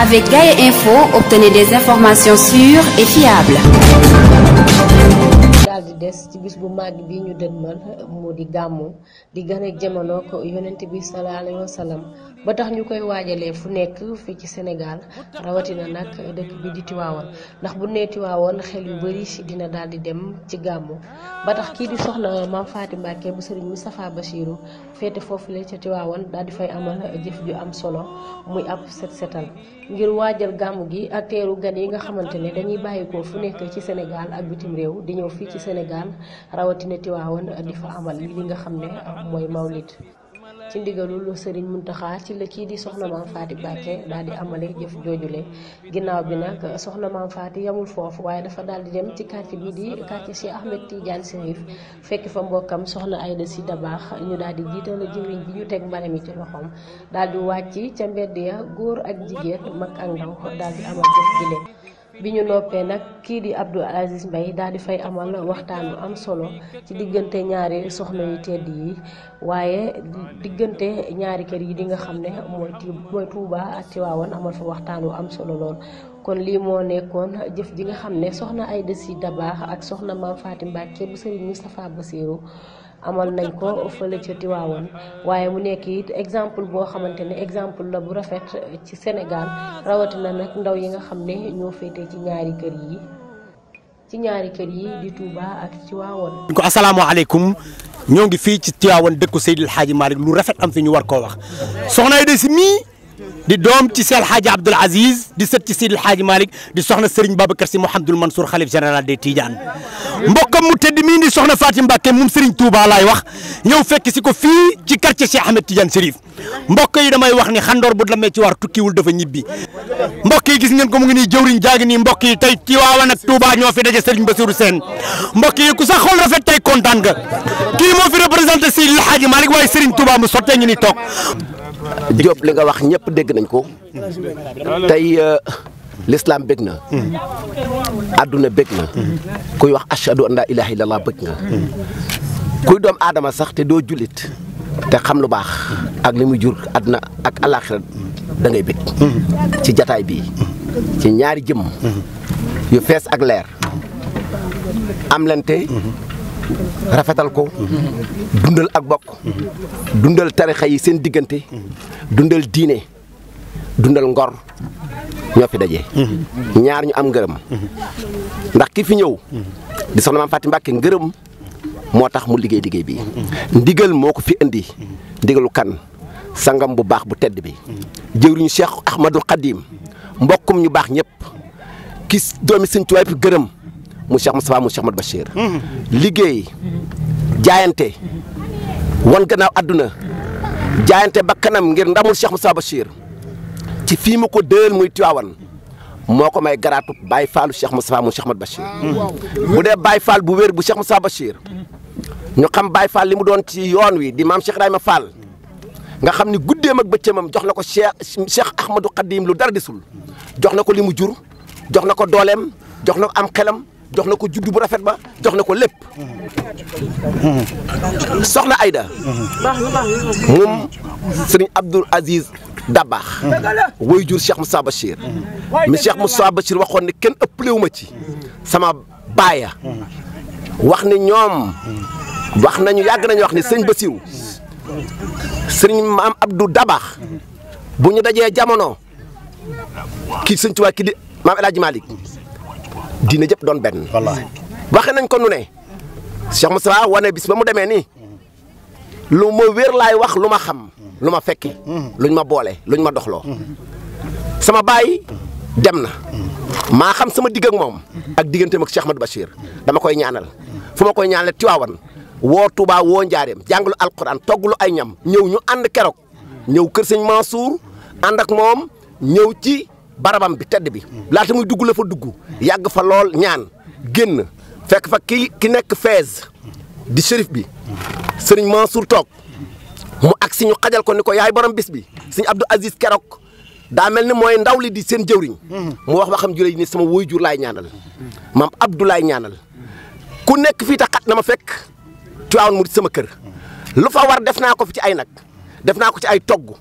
Avec Gaia Info, obtenez des informations sûres et fiables. daal di des ci bis bu màgg bi ñu dëgmal mu di gàmmu di ganeek jamono ko yonent bi sallallahu alayhi wa sallam ba tax ñu koy waajalee fu nekk fii ci senegaal rawatina nag dëkk bi di Tiwaawoon ndax bu nee Tiwaawoon xel yu bari dina daal di dem ci gàmmu ba tax kii di soxna maam Faati Mbàkke bu sëriñ Moustapha Bachiru féete foofu la ca Tiwaawoon daal di fay amal jëf ju am solo muy ab set setal ngir waajal gàmmu gi ak teeru gan yi nga xamante dañuy bàyyikoo fu nekk Sénégal rawatina Tiwaawoon di fa amal li nga xam ne mooy mawlid ci sëriñ mun Mountakha ci la kii di soxna maam Faty Mbacké daal di amale jëf joojule ginnaaw bi nag soxna maam Faty yamul foofu waaye dafa daal di dem ci quartier bi di quartier si Ahmed Tidiane Serif fekk fa mbokkam soxna Aïda si baax ñu daal di la jëwriñ ji ñu teg mbale mi ci loxoom daal di wàcc ca mbedd ya góor ak jigéen mag ak ndaw daal di amal jëf jile bi ñu noppee nag kii di Abdou Aziz Mbaye daal di fay amal waxtaan bu am solo ci diggante ñaari soxna yu tedd yi waaye diggante ñaari kër yi di nga xam ne mooy mooy Touba ak Tiwaawan amal fa waxtaan wu am solo lool. kon lii moo nekkoon jëf ji nga xam ne soxna Aïda Sy Dabakh ak soxna Maam Fatim Mbacké bu Serigne Moustapha Bassirou amal nañ ko fële ca Tiwaawoon waaye mu nekk it exemple boo xamante ne exemple la bu rafet ci Sénégal rawatina nag ndaw yi nga xam ne ñoo féete ci ñaari kër yi ci ñaari kër yi di Touba ak Tiwaawoon. ko asalaamaaleykum ñoo ngi fii ci Tiwaawoon dëkku Seydil Hadji Malick lu rafet am fi ñu war koo wax soxna yi de si mii di doom ci Seydi El Hadji Abdoul Aziz di sët ci Seydi El Hadji Malick di soxna Serigne Babacar Sy Mouhamadoul Mansour xalif général des Tidiane mbokkam mu tedd mii di soxna Fatim Mbacké moom Serigne Touba laay wax ñëw fekk si ko fii ci quartier Cheikh Ahmed Tidiane Chérif mbokk yi damay wax ni xandoor bu demee ci war tukkiwul dafa ñibbi mbokk yi gis ngeen ko mu ngi nii jëwriñ jaagi nii mbokk yi tey Tiwaawan ak ñoo fi daje Serigne Bassirou Sène mbokk yi ku sax xool rafet kontaan nga kii moo fi représenté Seydi El Hadji Malick waaye Serigne Touba mu Diop li nga wax ñëpp dégg nañ ko tey euh, l'islam bég na adduna bég na kuy wax ashhadu an la ilaha illallah bég nga kuy doom aadama sax te doo jullit te xam lu baax ak li muy jur adduna ak alaxira da bég ci jataay bii ci ñaari jëm yu fees ak leer am lante rafetal ko dundal ak bok dundal tarikha yi sen digante dundal diine dundal ngor ñoo fi daje ñaar ñu am ngeureum ndax ki fi ñew di soxna mam fatima Mbàkke ngeureum motax mu liggey liggey bi ndigal moko fi indi ndigalu kan sangam bu baax bu tedd bi jëwriñu Cheikh Ahmadul Qadim, mbokum ñu baax ñep kis doomi seigne touba fi mu Cheikh Moustapha mu Cheikh Ahmad Bachir. Hmm. liggéey jaayante wan gannaaw àdduna jaayante ba kanam ngir ndamul Cheikh Moustapha Bachir ci fii mu ko dëël muy Tiwaawan moo ko may garaatu Baye Fallu Cheikh Moustapha mu Cheikh Ahmad Bachir. Hmm. bu dee Baye Fall bu wér bu Cheikh Moustapha Bachir ñu xam Baye Fall li mu doon ci yoon wi di maam Cheikh Ibrahima Fall. nga xam ni guddeem ak bëccëmam jox na ko Cheikh Cheikh Ahmadou Khadim lu dara desul jox na ko li mu jur jox na ko dooleem jox na ko am xelam. jox na ko juddu bu rafet ba jox na ko lépp soxna Aida moom sëriñ Abdoul Aziz Dabaax woy jur Cheikh Moussa Bachir mi Cheikh Moussa Bachir waxoon ne kenn ëppalewu ma ci sama baaya wax ni ñoom wax nañu yàgg nañu wax ni sëñ Basiru sëriñ maam Abdou Dabaax bu ñu dajee jamono kii sëñ Tuubaa kii di maam El Hadj Malick dina jep don ben. wallahi waxe nañ ko nu ne cheikh musra wane bis ba mu demee ni luma ma lay wax luma xam luma ma luñ ma bolé luñ ma doxlo sama bayi demna ma xam sama digg ak mom ak digganteem ak cheikh bashir dama koy ñaanal fu ma koy ñaanal tiwawan wo tuba wo alquran toglu ay ñam ñew ñu and kérok ñew kër seigne mansour and ak mom ñew ci barabam bi tedd bi laata muy dugg la fa dugg yàgg fa lool ñaan génn fekk fa ki ki nekk fees di shérif bi sëriñ Mansour toog mu ak si ñu xajal ko ni ko yaay borom bis bi sëñ Abdou Aziz Keroog daa mel ni mooy ndaw li di seen jëwriñ mu wax waxam jure ni sama woy jur laay ñaanal maam Abdoulaye ñaanal ku nekk fii ta xat na ma fekk Tiwaawan mu di sama kër lu fa war def naa ko fi ci ay nag def naa ko ci ay togg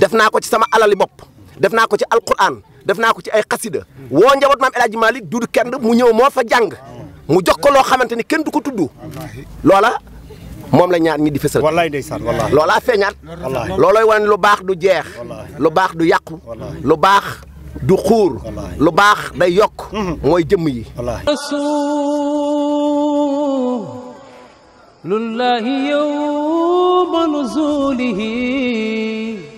def naa ko ci sama alali bopp def naa ko ci alquran def naa ko ci ay qasida wo njabot mam eladji malik dudu kenn mu ñew mo fa jang mu jox ko lo xamanteni kenn du ko tudd loola moom la ñaan ñi di fësal wallaay ndeysaan wallaay loolaa feeñaat loloy wone lu bax du jeex lu bax du yàqu lu bax du xuur lu bax day yok moy mhm. jëm yi lillahi yawma nuzulihi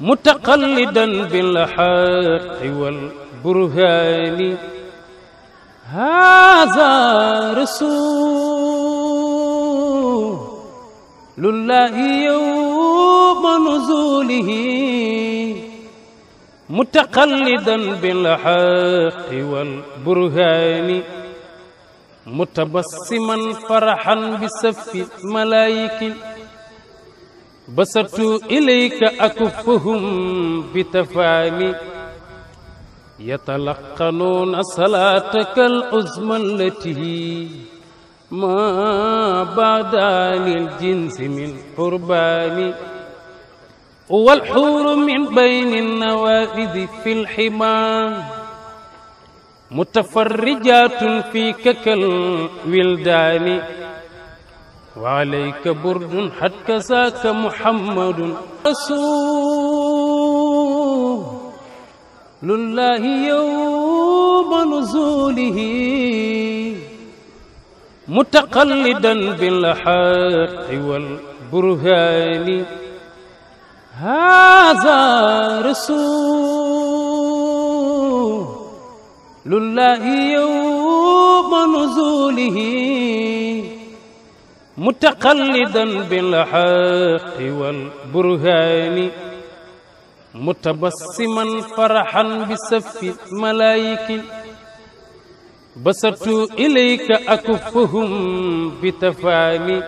متقلدا بالحق والبرهان هذا رسول الله يوم نزوله متقلدا بالحق والبرهان متبسما فرحا بسف ملائكه بصرت إليك أكفهم بتفاني يتلقنون صلاتك العظمى التي ما بعد عن الجنس من قربان والحور من بين النوافذ في الحمام متفرجات فيك كالولدان وعليك برج حد كساك محمد رسول الله يوم نزوله متقلدا بالحق والبرهان هذا رسول الله يوم نزوله متقلدا بالحق والبرهان متبسما فرحا بسف ملائك بسط إليك أكفهم بتفاني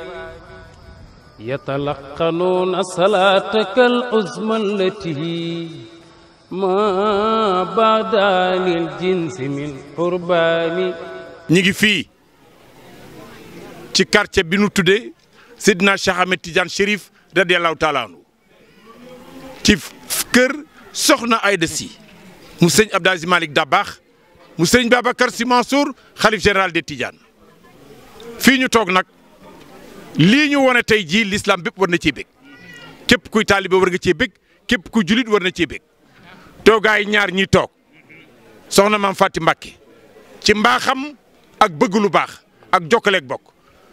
يتلقنون صلاتك العظمى التي ما بعد عن الجنس من قربان نيجي فيه ci quartier bi nu tuddee Seydina Cheikh Ahmed Tidiane Chérif radiallahu taala anu ci kër soxna Aïda mu sëñ Abdou Aziz Malick Dabakh mu sëñ Babacar Sy Mansour xalif général de Tidiane fii ñu toog nag lii ñu wone tey jii l'islam bépp war na cee bég képp kuy taalibe war nga cee bég képp kuy julit war na cee bég toogaay ñaar ñi toog soxna maam Faty Mbacké ci mbaaxam ak bëgg lu baax ak jokkaleeg bokk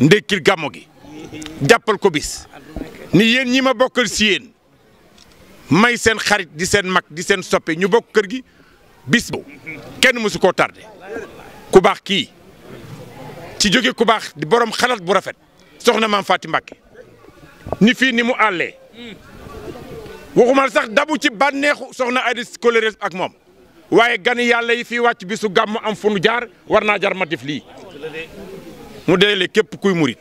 ndékkil gàmmu gi jàppal ko bis ni yéen ñi ma bokkal si yéen may seen xarit di seen mag di seen soppe ñu bokk kër gi bis bu kenn mësu koo tardé ku baax kii ci jóge ku baax di borom xalaat bu rafet soxna maam Faati Mbàkke ni fii ni mu àllee waxumal sax dabu ci bànneexu soxna Adis Kolérès ak moom waaye gan yàlla yi fi wàcc bisu gàmmu am fu nu jaar war naa jar ma lii mu dajale képp kuy murit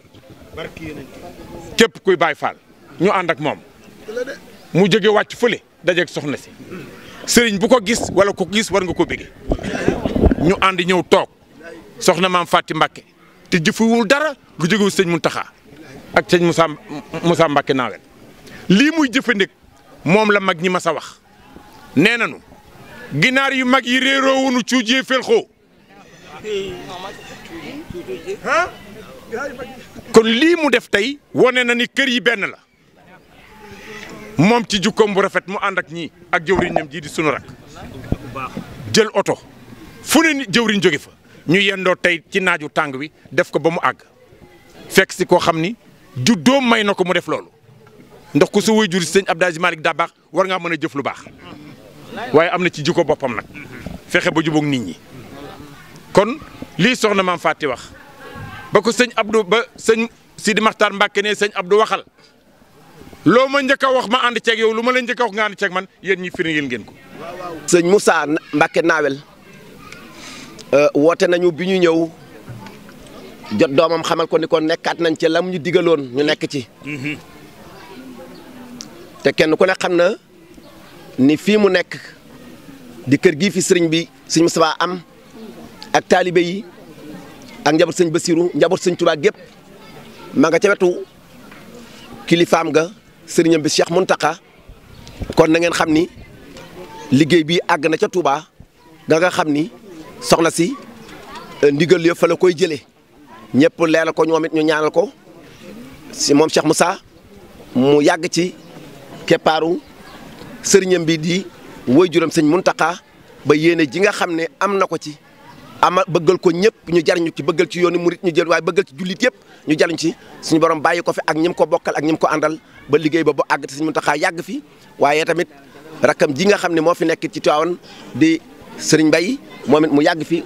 képp kuy Baay Faal ñu ànd ak moom mu jóge wàcc fële dajeeg soxna si sëriñ bu ko gis wala ko gis war nga ko bëgge ñu ànd ñëw toog soxna maam Faati Mbàkke te jëfewul dara lu jógewul sëñ Muntaxa ak sëñ Moussa mbakke naa naawel lii muy jëfandik moom la mag ñi mas a wax nee nañu ginaar yu mag yi réeroowunu cuujee fel xoo kon lii mu def tey wone na ni kër yi benn la moom ci jukkoom bu rafet mu ànd ak ñii ak jëwriñam jii di sunu rak jël oto fu ne ni jëwriñ jóge fa ñu yendoo tey ci naaju tàng wi def ko ba mu àgg fekk si koo xam ni juddoom may na ko mu def loolu ndax ku sa way jur sëñ Abdou Aziz daa baax war ngaa mën a jëf lu baax waaye am na ci jikko boppam nag fexe ba jubóog nit ñi kon lii soxna maam Faty wax ba ko sëñ Abdou ba sëñ Sidi Maxtaar Mbàkke ne sëñ Abdou waxal loo ma njëkk wax ma ànd ceeg yow lu la njëkk wax nga ànd ceeg man yéen ñi firndeel ngeen ko. sëñ Moussa Mbàkke Naawel euh, woote nañu bi ñu ñëw jot nekat xamal ko ni ko nekkaat nañ ci lam ñu digaloon ñu nekk ci. Mhm. te kenn ku ne xam ni fii mu nekk di kër gii fi bi sëñ Moussa am. ak taalibe yi ak njaboot sëñ Basiru njaboot sëñ Tuubaa gépp maa nga ca wetu kilifaam ga sëriñam bi mun Mountakha kon na ngeen xam ni liggéey bi àgg na ca Touba ga nga xam ni soxna si eh, ndigal yëpp fa koy jële ñëpp leeral ko ñoom ñu ñaanal ko si moom mu Moussa mu yàgg ci keppaaru sëriñam bi di woy juram sëñ Mountakha ba yéene ji nga xam ne am na ko ci ama bëggal ko ñëpp ñu jariñu ci bëggal ci yoonu murit ñu jël waaye bëggal ci jullit yëpp ñu jaliñ ci suñu borom bàyyi ko fi ak ñim ko bokkal ak ñim ko àndal ba liggéey ba ba àgg te suñu Muntaxa yàgg fi waaye tamit rakkam ji nga xam ne moo fi nekk ci Tiwaawan di sëriñ Mbay moom mu yàgg fi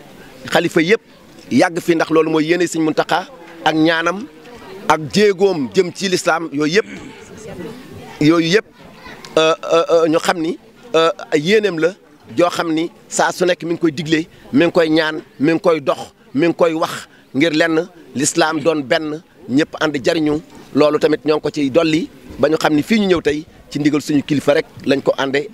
xalifa yëpp yàgg fi ndax loolu mooy yéene suñu Muntaxa ak ñaanam ak jéegoom jëm ci lislaam yooyu yëpp yooyu yëpp euh, euh, euh, ñu xam ni yéeneem la joo xam ni saa su nekk mi ngi koy digle mi ngi koy ñaan mi ngi koy dox mi ngi koy wax ngir lenn lislaam doon benn ñëpp ànd jariñu loolu tamit ñoo ngi ko ciy dolli ba ñu xam ni fii ñu ñëw tey ci ndigal suñu kilifa rek lañ ko àndee.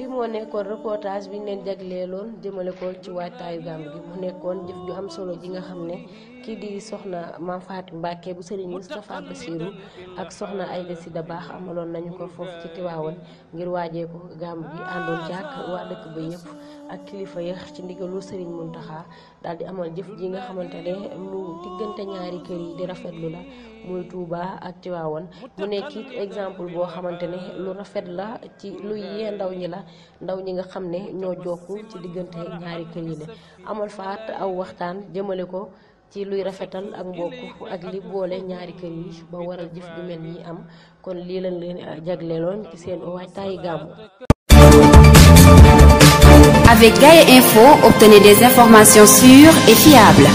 li moo nekkoon reportage bi ñu leen jagleeloon jëmale ko ci waajtaayu gàmm gi mu nekkoon jëf ju am solo ji nga xam ne kii di soxna Maam Fatou Mbacke bu Serigne Moustapha Bassirou ak soxna Aïda Sida Baax amaloon nañu ko foofu ci Tiwaawan ngir waajee ko gàmm gi àndoon jàkk waa dëkk ba yëpp. ak kilifa yi ci ndigalul Serigne Mountakha daal di amal jëf ji nga xamante ne lu diggante ñaari kër yi di rafetlu la muy Touba ak Tivaouane mu nekk exemple boo xamante ne lu rafet la ci lu yee ndaw ñi la ndaw ñi nga xam ne ñoo jokk ci diggante ñaari kër yi la amal faat aw waxtaan jëmale ko ci luy rafetal ak mbokk ak li boole ñaari kër yi ba waral jëf ju mel nii am kon lii lañ leen jagleeloon ci seen waajtaayu gàmmu Avec Gaia Info, obtenez des informations sûres et fiables.